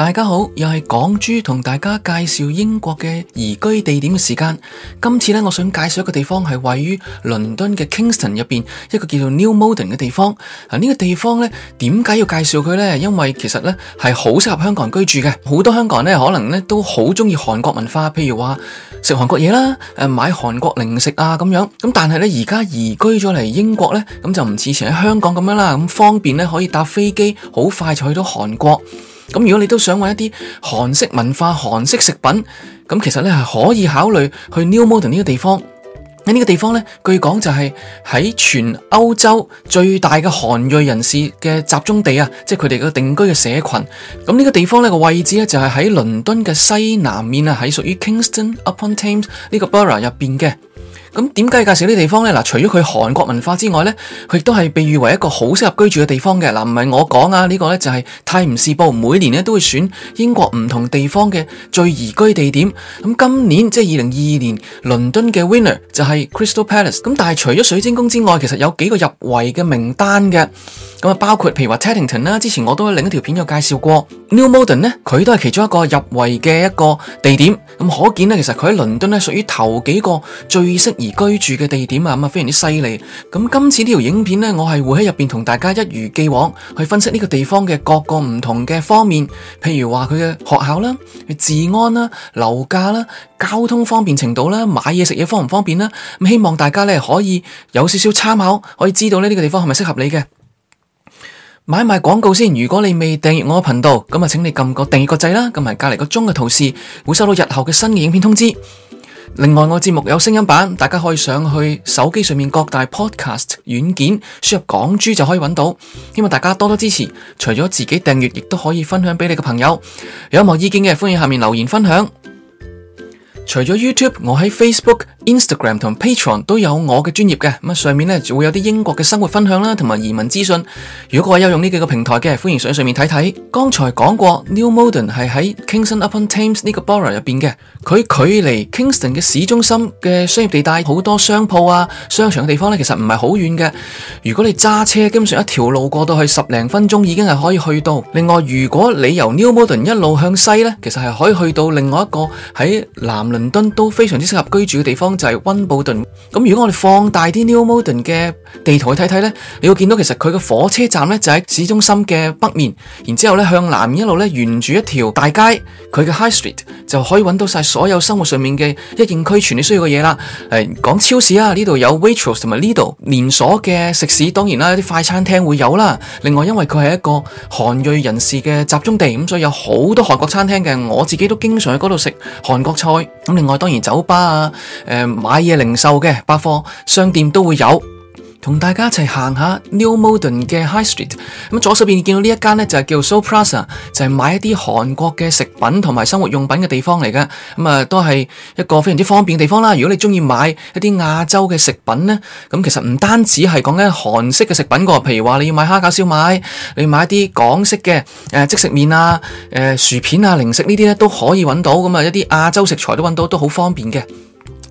大家好，又係港珠同大家介紹英國嘅移居地點嘅時間。今次咧，我想介紹一個地方，係位於倫敦嘅 Kingston 入邊一個叫做 New Malden 嘅地方。嗱、啊、呢、這個地方咧，點解要介紹佢呢？因為其實咧係好適合香港人居住嘅，好多香港人咧可能咧都好中意韓國文化，譬如話食韓國嘢啦，誒買韓國零食啊咁樣。咁但係咧而家移居咗嚟英國呢，咁就唔似以前喺香港咁樣啦，咁方便咧可以搭飛機好快就去到韓國。咁如果你都想揾一啲韓式文化、韓式食品，咁其實咧係可以考慮去 New Malden 呢個地方。喺、這、呢個地方咧，據講就係喺全歐洲最大嘅韓裔人士嘅集中地啊，即係佢哋嘅定居嘅社群。咁呢個地方咧，個位置咧就係喺倫敦嘅西南面啊，喺屬於 Kingston upon Thames 呢個 borough 入邊嘅。咁點解介紹呢啲地方呢？嗱，除咗佢韓國文化之外呢，佢亦都係被譽為一個好適合居住嘅地方嘅。嗱、啊，唔係我講啊，呢、這個呢就係泰晤士報每年呢都會選英國唔同地方嘅最宜居地點。咁今年即係二零二二年，倫敦嘅 winner 就係 Crystal Palace。咁但係除咗水晶宮之外，其實有幾個入圍嘅名單嘅。咁啊，包括譬如話 Teddington 啦，之前我都喺另一條片有介紹過。New Malden 呢，佢都係其中一個入圍嘅一個地點。咁可見呢，其實佢喺倫敦呢屬於頭幾個最適。而居住嘅地點啊，咁啊非常之犀利。咁今次呢條影片呢，我係會喺入邊同大家一如既往去分析呢個地方嘅各個唔同嘅方面，譬如話佢嘅學校啦、治安啦、樓價啦、交通方便程度啦、買嘢食嘢方唔方便啦。咁希望大家呢，可以有少少參考，可以知道呢個地方係咪適合你嘅。買賣廣告先，如果你未訂閱我頻道，咁啊請你撳個訂閱個掣啦，撳埋隔籬個鐘嘅圖示，會收到日後嘅新嘅影片通知。另外，我節目有聲音版，大家可以上去手機上面各大 podcast 軟件輸入港珠就可以揾到。希望大家多多支持，除咗自己訂閱，亦都可以分享畀你嘅朋友。有冇意見嘅，歡迎下面留言分享。除咗 YouTube，我喺 Facebook、Instagram 同 Patreon 都有我嘅專業嘅。咁啊，上面咧就會有啲英國嘅生活分享啦，同埋移民資訊。如果各位有用呢幾個平台嘅，歡迎上上面睇睇。剛才講過 New Malden 係喺 Kingston upon Thames 呢個 borough 入邊嘅，佢距離 Kingston 嘅市中心嘅商業地帶好多商鋪啊、商場嘅地方咧，其實唔係好遠嘅。如果你揸車基本上一條路過到去十零分鐘已經係可以去到。另外，如果你由 New Malden 一路向西咧，其實係可以去到另外一個喺南。倫敦都非常之適合居住嘅地方就係、是、溫布頓。咁如果我哋放大啲 New Malden 嘅地圖去睇睇呢，你會見到其實佢嘅火車站呢就喺市中心嘅北面，然之後呢向南一路呢沿住一條大街，佢嘅 High Street。就可以揾到晒所有生活上面嘅一應俱全你需要嘅嘢啦。誒，講超市啦，呢度有 Waitrose 同埋 Lidl 連鎖嘅食肆，當然啦啲快餐廳會有啦。另外，因為佢係一個韓裔人士嘅集中地，咁所以有好多韓國餐廳嘅，我自己都經常喺嗰度食韓國菜。咁另外，當然酒吧啊，誒買嘢零售嘅百貨商店都會有。同大家一齊行下 New Malden 嘅 High Street，咁左手邊見到呢一間呢，就係叫 Seoul Plaza，就係買一啲韓國嘅食品同埋生活用品嘅地方嚟噶，咁啊都係一個非常之方便嘅地方啦。如果你中意買一啲亞洲嘅食品呢，咁其實唔單止係講緊韓式嘅食品噶，譬如話你要買蝦餃燒賣，你要買啲港式嘅誒即食麵啊、誒薯片啊、零食呢啲咧，都可以揾到，咁啊一啲亞洲食材都揾到，都好方便嘅。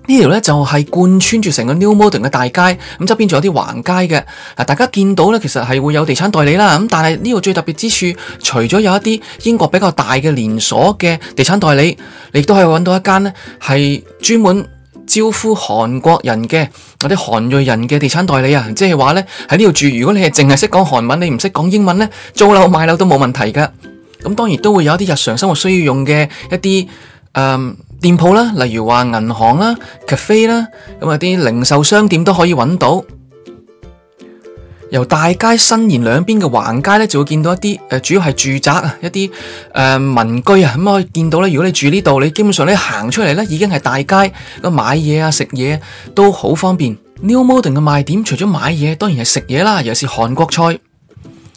條呢條呢就係、是、貫穿住成個 New Malden 嘅大街，咁側邊仲有啲橫街嘅。嗱，大家見到呢，其實係會有地產代理啦。咁但係呢度最特別之處，除咗有一啲英國比較大嘅連鎖嘅地產代理，你亦都可以揾到一間呢係專門招呼韓國人嘅嗰啲韓裔人嘅地產代理啊。即係話呢，喺呢度住，如果你係淨係識講韓文，你唔識講英文呢，租樓買樓都冇問題嘅。咁當然都會有一啲日常生活需要用嘅一啲誒。嗯店鋪啦，例如話銀行啦、cafe 啦，咁啊啲零售商店都可以揾到。由大街伸延兩邊嘅橫街咧，就會見到一啲誒、呃，主要係住宅啊，一啲誒、呃、民居啊，咁可以見到咧。如果你住呢度，你基本上咧行出嚟咧，已經係大街個買嘢啊、食嘢、啊、都好方便。New Malden 嘅賣點，除咗買嘢，當然係食嘢啦、啊，又是韓國菜。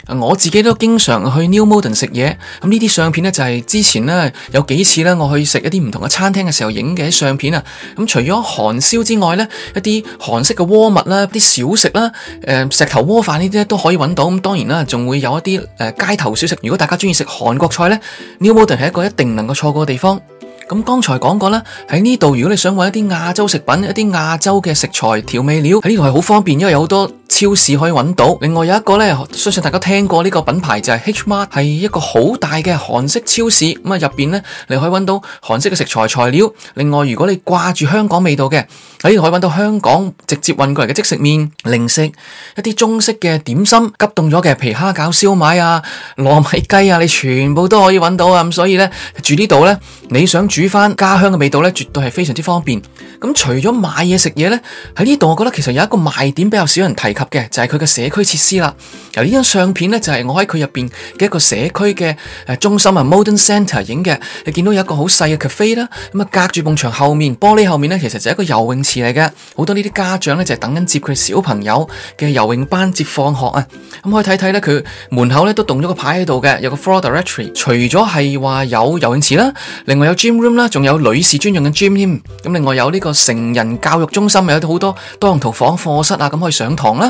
我自己都經常去 New Malden 食嘢，咁呢啲相片呢，就係之前呢，有幾次呢，我去食一啲唔同嘅餐廳嘅時候影嘅相片啊。咁除咗韓燒之外呢，一啲韓式嘅鍋物啦、啲小食啦、誒石頭鍋飯呢啲都可以揾到。咁當然啦，仲會有一啲誒街頭小食。如果大家中意食韓國菜呢，New Malden 係一個一定能夠錯過嘅地方。咁剛才講過啦，喺呢度如果你想揾一啲亞洲食品、一啲亞洲嘅食材調味料，喺呢度係好方便，因為有好多。超市可以揾到，另外有一個呢，相信大家聽過呢個品牌就係 H Mart，係一個好大嘅韓式超市。咁啊入邊呢，你可以揾到韓式嘅食材材料。另外，如果你掛住香港味道嘅，喺度可以揾到香港直接運過嚟嘅即食麵、零食、一啲中式嘅點心、急凍咗嘅皮蝦餃、燒賣啊、糯米雞啊，你全部都可以揾到啊！咁所以呢，住呢度呢，你想煮翻家鄉嘅味道呢，絕對係非常之方便。咁除咗買嘢食嘢呢，喺呢度我覺得其實有一個賣點比較少人提及。嘅就係佢嘅社區設施啦。由呢張相片呢，就係、是、我喺佢入邊嘅一個社區嘅誒中心啊。Modern Center 影嘅，你見到有一個好細嘅 cafe 啦。咁、嗯、啊，隔住埲牆後面玻璃後面呢，其實就係一個游泳池嚟嘅。好多呢啲家長呢，就係、是、等緊接佢小朋友嘅游泳班接放學啊。咁、嗯、可以睇睇呢，佢門口呢都動咗個牌喺度嘅，有個 floor directory 除咗係話有游泳池啦，另外有 gym room 啦，仲有女士專用嘅 gym 添。咁、嗯、另外有呢個成人教育中心，又有好多多用途房課室啊，咁可以上堂啦。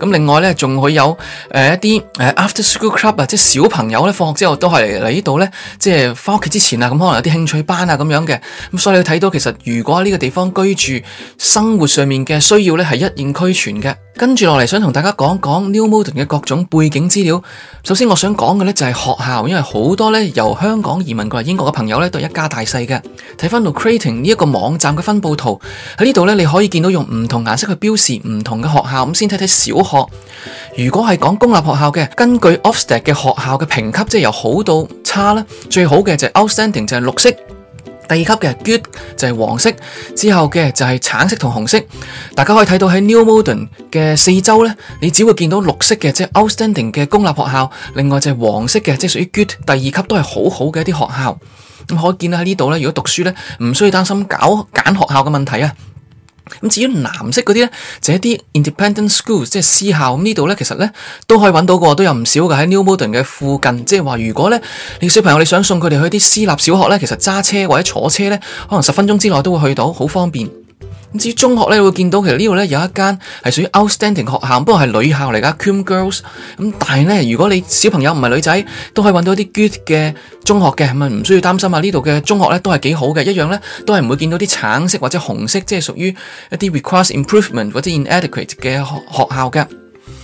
咁另外呢，仲會有誒一啲 After School Club 啊，即係小朋友呢，放學之後都係嚟呢度呢，即係翻屋企之前啊，咁可能有啲興趣班啊咁樣嘅。咁所以你睇到其實如果喺呢個地方居住生活上面嘅需要呢，係一應俱全嘅。跟住落嚟，想同大家講講 New Malden 嘅各種背景資料。首先，我想講嘅呢就係學校，因為好多呢由香港移民過嚟英國嘅朋友呢，都一家大細嘅。睇翻到 Creating 呢一個網站嘅分布圖喺呢度呢，你可以見到用唔同顏色去標示唔同嘅學校。咁先睇睇小學，如果係講公立學校嘅，根據 Ofsted 嘅學校嘅評級，即係由好到差啦。最好嘅就係 Outstanding，就係綠色。第二級嘅 Good 就係黃色，之後嘅就係橙色同紅色。大家可以睇到喺 New Malden 嘅四周呢，你只會見到綠色嘅、即係、就是、Outstanding 嘅公立學校，另外就係黃色嘅，即係屬於 Good 第二級，都係好好嘅一啲學校。咁可以見到喺呢度呢，如果讀書呢，唔需要擔心搞揀學校嘅問題啊。至於藍色嗰啲呢，就是、一啲 Independent Schools，即係私校。呢度呢，其實呢，都可以揾到嘅，都有唔少嘅喺 New Malden 嘅附近。即係話，如果呢，你小朋友你想送佢哋去啲私立小學呢，其實揸車或者坐車呢，可能十分鐘之內都會去到，好方便。至於中學咧，你會見到其實呢度咧有一間係屬於 outstanding 學校，不過係女校嚟噶 Coombe Girls）。咁但係呢，如果你小朋友唔係女仔，都可以揾到啲 good 嘅中學嘅，係咪？唔需要擔心啊。呢度嘅中學咧都係幾好嘅，一樣呢，都係唔會見到啲橙色或者紅色，即係屬於一啲 require improvement 或者 inadequate 嘅學校㗎。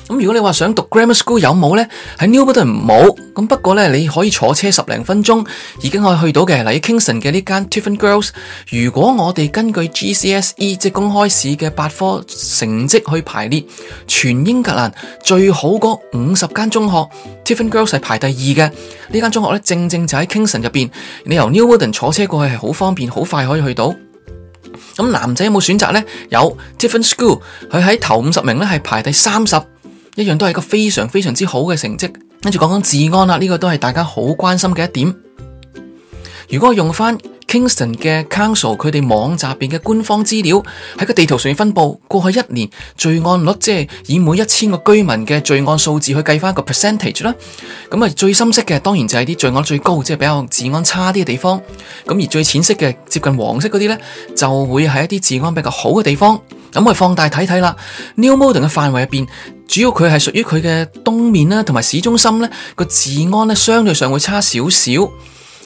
咁如果你話想讀 grammar school 有冇呢？喺 New Malden 冇，咁不過呢，你可以坐車十零分鐘已經可以去到嘅。例如 Kingston 嘅呢間 Tiffin Girls，如果我哋根據 GCSE 即公開試嘅八科成績去排列全英格蘭最好嗰五十間中學，Tiffin Girls 係排第二嘅呢間中學呢，正正就喺 Kingston 入邊。你由 New Malden 坐車過去係好方便，好快可以去到。咁男仔有冇選擇呢？有 Tiffin School，佢喺頭五十名呢係排第三十。一樣都係一個非常非常之好嘅成績，跟住講講治安啦。呢個都係大家好關心嘅一點。如果用翻 Kingston 嘅 Council，佢哋網站入邊嘅官方資料喺個地圖上面分布過去一年罪案率，即係以每一千個居民嘅罪案數字去計翻個 percentage 啦。咁啊，最深色嘅當然就係啲罪案最高，即係比較治安差啲嘅地方。咁而最淺色嘅接近黃色嗰啲呢，就會係一啲治安比較好嘅地方。咁我放大睇睇啦，New Malden 嘅範圍入邊。主要佢係屬於佢嘅東面啦，同埋市中心呢個治安呢，相對上會差少少。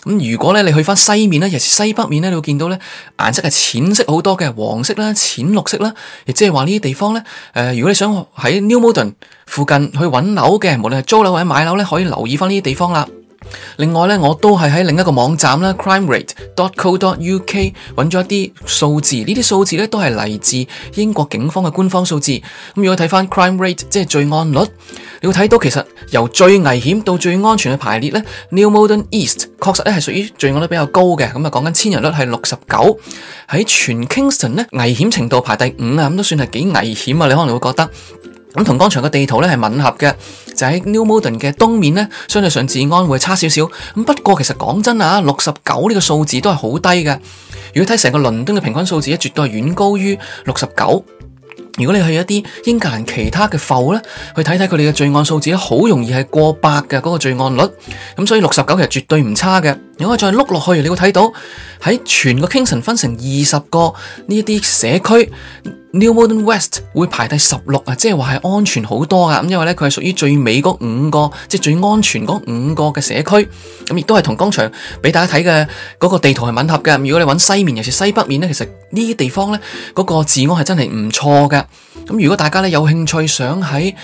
如果呢，你去翻西面咧，尤其是西北面呢，你會見到呢顏色係淺色好多嘅黃色啦、淺綠色啦，亦即係話呢啲地方呢、呃，如果你想喺 New Malden 附近去揾樓嘅，無論係租樓或者買樓呢，可以留意翻呢啲地方啦。另外咧，我都係喺另一個網站咧，crime rate dot co dot uk 搵咗一啲數字，呢啲數字咧都係嚟自英國警方嘅官方數字。咁如果睇翻 crime rate，即係罪案率，你會睇到其實由最危險到最安全嘅排列咧，New Malden East 確實咧係屬於罪案率比較高嘅。咁啊，講緊千人率係六十九，喺全 Kingston 呢危險程度排第五啊，咁都算係幾危險啊！你可能會覺得。咁同剛才嘅地圖咧係吻合嘅，就喺 New Malden 嘅東面咧，相對上治安會差少少。咁不過其實講真啊，六十九呢個數字都係好低嘅。如果睇成個倫敦嘅平均數字咧，絕對係遠高於六十九。如果你去一啲英格蘭其他嘅埠咧，去睇睇佢哋嘅罪案數字，好容易係過百嘅嗰個罪案率。咁所以六十九其實絕對唔差嘅。如果再碌落去，你會睇到喺全個 Kingston 分成二十個呢啲社區，New Malden West 會排第十六啊，即係話係安全好多噶。咁因為咧，佢係屬於最尾嗰五個，即係最安全嗰五個嘅社區。咁亦都係同剛才俾大家睇嘅嗰個地圖係吻合嘅。如果你揾西面，尤其是西北面咧，其實呢啲地方咧嗰個治安係真係唔錯嘅。咁如果大家咧有興趣想喺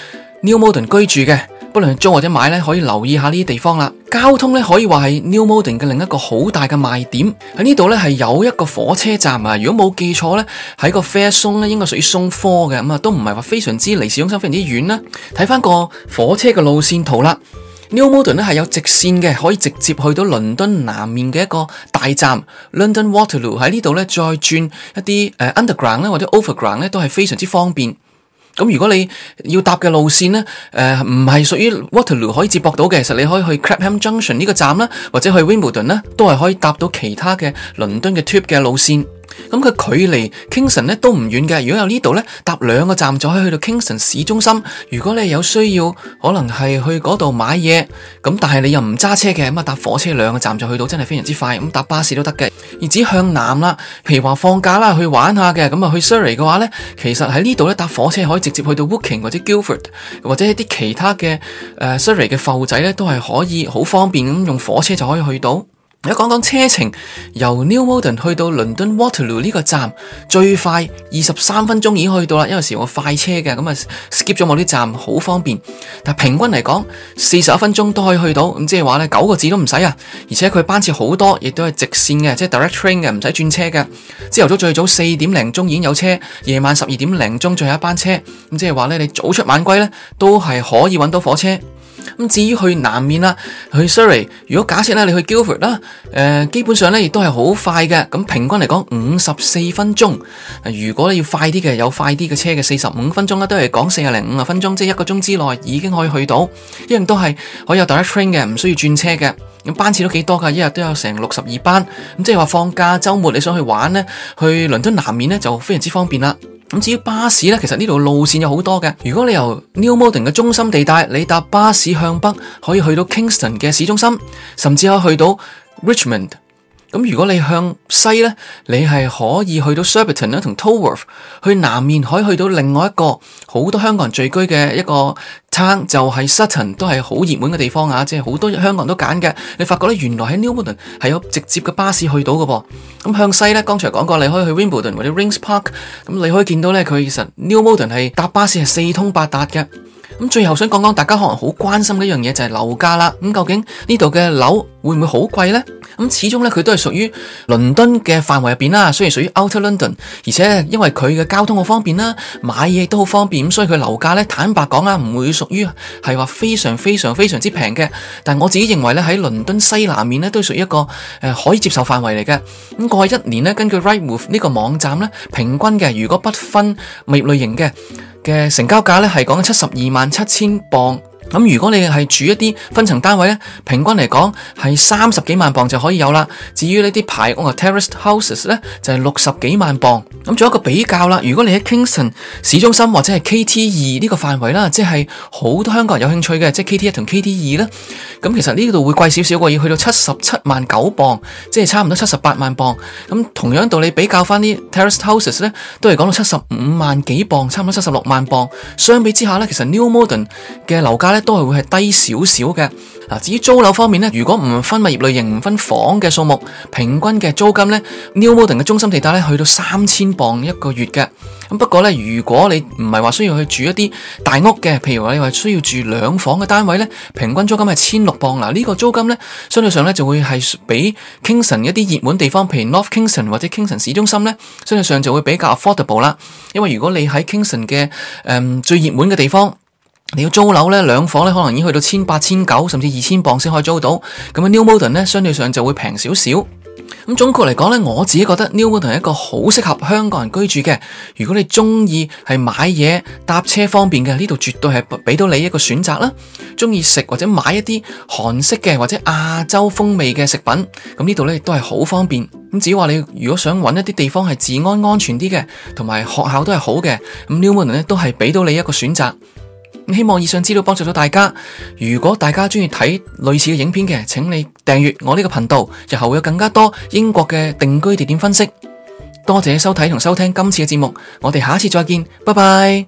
New Malden 居住嘅，不論租或者買咧，可以留意下呢啲地方啦。交通咧可以話係 New Malden 嘅另一個好大嘅賣點喺呢度咧係有一個火車站啊。如果冇記錯咧，喺個 Fare Zone 咧應該屬於 Zone 4嘅咁啊，都唔係話非常之離市中心非常之遠啦。睇翻個火車嘅路線圖啦，New Malden 咧係有直線嘅，可以直接去到倫敦南面嘅一個大站 London Waterloo 喺呢度咧再轉一啲誒 Underground 咧或者 Overground 咧都係非常之方便。咁如果你要搭嘅路線呢，誒唔係屬於 Waterloo 可以接駁到嘅，其實你可以去 Clapham Junction 呢個站啦，或者去 Wimbledon 呢，都係可以搭到其他嘅倫敦嘅 Tube 嘅路線。咁佢距離 Kingston 咧都唔遠嘅，如果有呢度咧，搭兩個站就可以去到 Kingston 市中心。如果你有需要，可能係去嗰度買嘢，咁但係你又唔揸車嘅，咁啊搭火車兩個站就去到，真係非常之快。咁搭巴士都得嘅。而只向南啦，譬如話放假啦去玩下嘅，咁啊去 Surrey 嘅話咧，其實喺呢度咧搭火車可以直接去到 Woking 或者 Guildford 或者一啲其他嘅誒 Surrey 嘅埠仔咧，都係可以好方便咁用火車就可以去到。一講，講車程，由 New Malden 去到倫敦 Waterloo 呢個站最快二十三分鐘已經去到啦，因為時我快車嘅，咁啊 skip 咗我啲站，好方便。但平均嚟講，四十一分鐘都可以去到，咁即係話咧九個字都唔使啊。而且佢班次好多，亦都係直綫嘅，即係 direct train 嘅，唔使轉車嘅。朝頭早最早四點零鐘已經有車，夜晚十二點零鐘最後一班車。咁即係話咧，你早出晚歸呢，都係可以揾到火車。至於去南面啦，去 Surrey，如果假設咧你去 Guildford 啦、呃，誒基本上咧亦都係好快嘅，咁平均嚟講五十四分鐘。如果你要快啲嘅，有快啲嘅車嘅四十五分鐘啦，都係講四啊零五啊分鐘，即係一個鐘之內已經可以去到，一樣都係可以有 Direct Train 嘅，唔需要轉車嘅。咁班次都幾多噶，一日都有成六十二班。咁即係話放假、週末你想去玩咧，去倫敦南面咧就非常之方便啦。至於巴士呢，其實呢度路線有好多嘅。如果你由 New Malden 嘅中心地帶，你搭巴士向北，可以去到 Kingston 嘅市中心，甚至可以去到 Richmond。咁如果你向西呢，你係可以去到 Surbiton 同 Tolworth，去南面可以去到另外一個好多香港人聚居嘅一個鎮，就係 Sutton，都係好熱門嘅地方啊！即係好多香港人都揀嘅。你發覺呢，原來喺 New Malden 係有直接嘅巴士去到嘅噃。咁、嗯、向西呢，剛才講過，你可以去 Wimbledon 或者 Rings Park、嗯。咁你可以見到呢，佢其實 New Malden 係搭巴士係四通八達嘅。咁、嗯、最後想講講大家可能好關心嘅一樣嘢就係樓價啦。咁、嗯、究竟呢度嘅樓？會唔會好貴呢？咁始終咧，佢都係屬於倫敦嘅範圍入邊啦，雖然屬於 Outer London，而且因為佢嘅交通好方便啦，買嘢都好方便，所以佢樓價咧，坦白講啊，唔會屬於係話非常非常非常之平嘅。但我自己認為咧，喺倫敦西南面咧，都屬於一個誒可以接受範圍嚟嘅。咁過去一年咧，根據 Rightmove 呢個網站咧，平均嘅，如果不分物業類型嘅嘅成交價咧，係講七十二萬七千磅。咁如果你係住一啲分層單位咧，平均嚟講係三十幾萬磅就可以有啦。至於呢啲排屋嘅 terraced houses 咧，就係六十幾萬磅。咁做一個比較啦，如果你喺 Kingston 市中心或者係 KT 二呢個範圍啦，即係好多香港人有興趣嘅，即係 KT 一同 KT 二啦。咁其實呢度會貴少少嘅，要去到七十七萬九磅，即係差唔多七十八萬磅。咁同樣道理比較翻啲 terraced houses 咧，都係講到七十五萬幾磅，差唔多七十六萬磅。相比之下呢，其實 New Malden 嘅樓價咧。都係會係低少少嘅。嗱，至於租樓方面咧，如果唔分物業類型、唔分房嘅數目，平均嘅租金呢，New Malden 嘅中心地帶咧，去到三千磅一個月嘅。咁不過呢，如果你唔係話需要去住一啲大屋嘅，譬如話你話需要住兩房嘅單位呢，平均租金係千六磅。嗱，呢個租金呢，相對上呢就會係比 Kingston 一啲熱門地方，譬如 North Kingston 或者 Kingston 市中心呢，相對上就會比較 affordable 啦。因為如果你喺 Kingston 嘅、嗯、最熱門嘅地方。你要租樓呢，兩房呢，可能已經去到千八、千九，甚至二千磅先可以租到。咁 New Malden 呢，相對上就會平少少。咁總括嚟講呢，我自己覺得 New Malden 係一個好適合香港人居住嘅。如果你中意係買嘢、搭車方便嘅，呢度絕對係俾到你一個選擇啦。中意食或者買一啲韓式嘅或者亞洲風味嘅食品，咁呢度呢都係好方便。咁只要話你如果想揾一啲地方係治安安全啲嘅，同埋學校都係好嘅，咁 New Malden 呢都係俾到你一個選擇。希望以上資料幫助到大家。如果大家鍾意睇類似嘅影片嘅，請你訂閱我呢個頻道，日後會有更加多英國嘅定居地點分析。多謝收睇同收聽今次嘅節目，我哋下次再見，拜拜。